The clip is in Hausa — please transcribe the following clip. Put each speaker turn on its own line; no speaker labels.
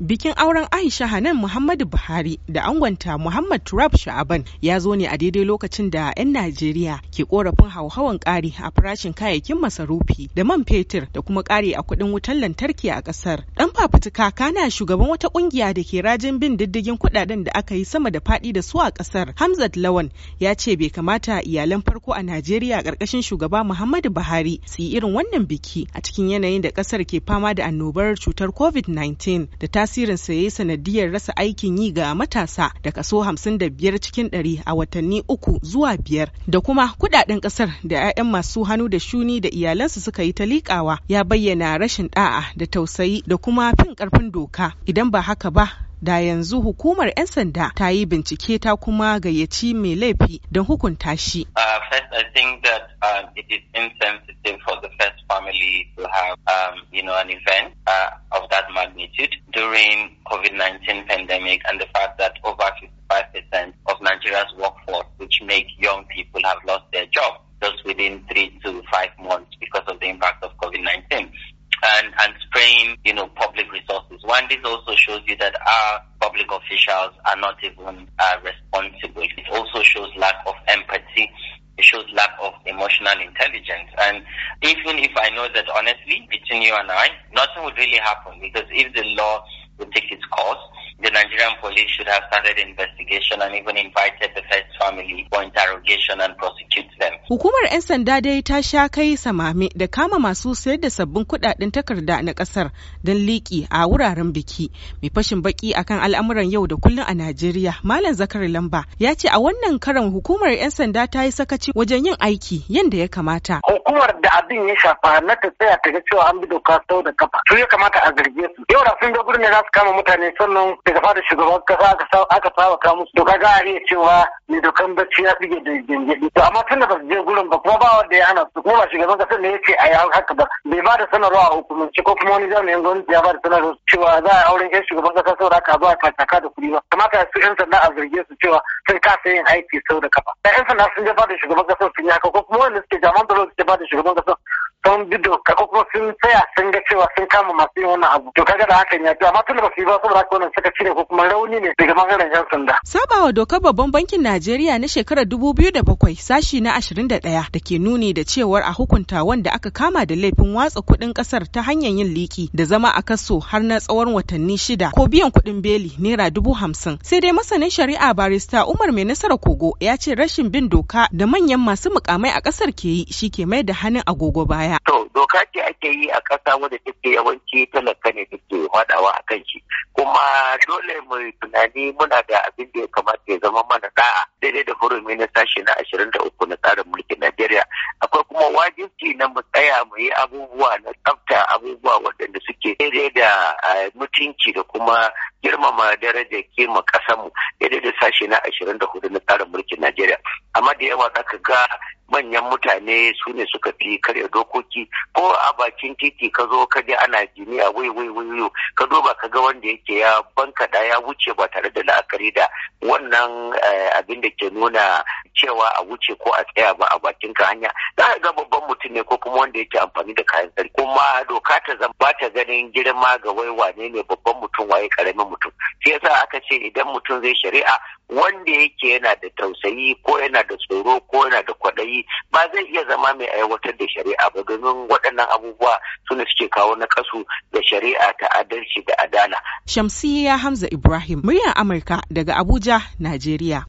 Bikin auren Aisha Hanan Muhammadu Buhari da angonta Muhammad Turab Sha'aban ya zo ne a daidai lokacin da 'yan Najeriya ke korafin hauhawan ƙari a farashin kayayyakin masarufi da man fetur da kuma ƙari a kuɗin wutar lantarki a ƙasar. Ɗan fafutuka kana shugaban wata ƙungiya da ke rajin bin diddigin kuɗaɗen da aka yi sama da faɗi da su a ƙasar. Hamzat Lawan ya ce bai kamata iyalan farko a Najeriya ƙarƙashin shugaba Muhammadu Buhari su yi irin wannan biki a cikin yanayin da ƙasar ke fama da annobar cutar COVID-19 da ta tasirin sa yi sanadiyar rasa aikin yi ga matasa da kaso biyar cikin 100 a watanni uku zuwa biyar da kuma kudaden kasar da 'ya'yan masu hannu da shuni da iyalansu suka yi ta liƙawa ya bayyana rashin da'a da tausayi da kuma fin karfin doka idan ba haka ba da yanzu hukumar 'yan sanda ta yi bincike ta kuma gayyaci mai laifi don hukunta shi. Uh, uh
pandemic and the fact that over 55% of Nigeria's workforce, which make young people, have lost their job just within three to five months because
of the impact of COVID-19 and, and spraying, you know, public resources. One, this also
shows you that our public officials are not even uh, responsible. It also shows lack of empathy it shows lack of emotional intelligence. And even if I know that honestly, between you and I, nothing would really happen because if the law would take its course, The Nigerian police should have started investigation and even invited the first family for interrogation and prosecute them.
Hukumar 'yan sanda dai ta sha kai samami da kama masu sayar da sabbin kudaden takarda na kasar don liƙi a wuraren biki. Mai fashin baki akan al'amuran yau da kullum a Najeriya, Malam Zakari Lamba ya ce a wannan karan hukumar 'yan sanda ta yi sakaci wajen yin aiki yadda ya kamata.
Hukumar da abin ya shafa na ta tsaya ta ga cewa an bi doka sau da kafa. Su ya kamata a zarge su. Yau da sun ga gurin ne za su kama mutane sannan daga fara shugaban kasa aka saba ka musu to kaga a iya cewa ne dokan bacci ya fige da gengedi to amma tunda ba su je gurin ba kuma ba wanda ya ana su kuma ba shugaban kasa ne ya ce a yi haka ba bai ba da sanarwa a hukumance ko kuma wani jami'in gwamnati ya ba da sanarwa cewa za a auren yan shugaban kasa saboda haka zuwa taka da kuɗi ba kamata su yan sanda a zarge su cewa sun kasa yin aiki sau da kafa da yan sanda sun je ba da shugaban kasa sun yi haka ko kuma wanda suke jaman da suke ba da shugaban kasa sun bi doka sun tsaya sun ga cewa sun kama masu yin wannan abu to kaga da
hakan ya fi amma tun da ba su yi ba saboda haka wannan sakaci ne ko kuma rauni ne daga maganar yan sanda. sabawa dokar babban bankin najeriya na shekarar dubu biyu da bakwai sashi na ashirin da ɗaya da ke nuni da cewar a hukunta wanda aka kama da laifin watsa kuɗin ƙasar ta hanyar yin liki da zama a kaso har na tsawon watanni shida ko biyan kuɗin beli naira dubu hamsin sai dai masanin shari'a barista umar mai nasara kogo ya ce rashin bin doka da manyan masu mukamai a ƙasar ke yi shi ke mai da hannun agogo baya. daya.
To doka ce ake yi a ƙasa wadda take yawanci talaka ne take faɗawa a kan shi. Kuma dole mu tunani muna da abin da ya kamata ya zama mana da'a daidai da hurumi na sashi na ashirin da uku na tsarin mulkin Najeriya. Akwai kuma wajibci na mu tsaya mu yi abubuwa na tsafta abubuwa waɗanda suke daidai da mutunci da kuma girmama daraja kima ƙasarmu daidai da sashi na ashirin da hudu na tsarin mulkin Najeriya. Amma da yawa za ka ga manyan mutane su ne suka fi karya dokoki ko a bakin titi ka zo ka ji ana jini a wai wai wai ka duba ka ga wanda yake ya bankaɗa ya wuce ba tare da la'akari da wannan eh, abin da ke nuna cewa a wuce ko a tsaya ba a bakin ka hanya za ka ga babban mutum ne ko kuma wanda yake amfani da kayan sarki kuma doka ta zan ba ta ganin girma ga wai wane ne babban mutum waye karamin mutum shi yasa aka ce idan mutum zai shari'a wanda yake yana da tausayi ko yana da tsoro ko yana da kwaɗayi ba zai iya zama mai aiwatar da shari'a ba domin waɗannan abubuwa suna suke kawo na kasu da shari'a ta adalci da adala.
Shamsiyya Hamza Ibrahim, muryar Amurka daga Abuja, Najeriya.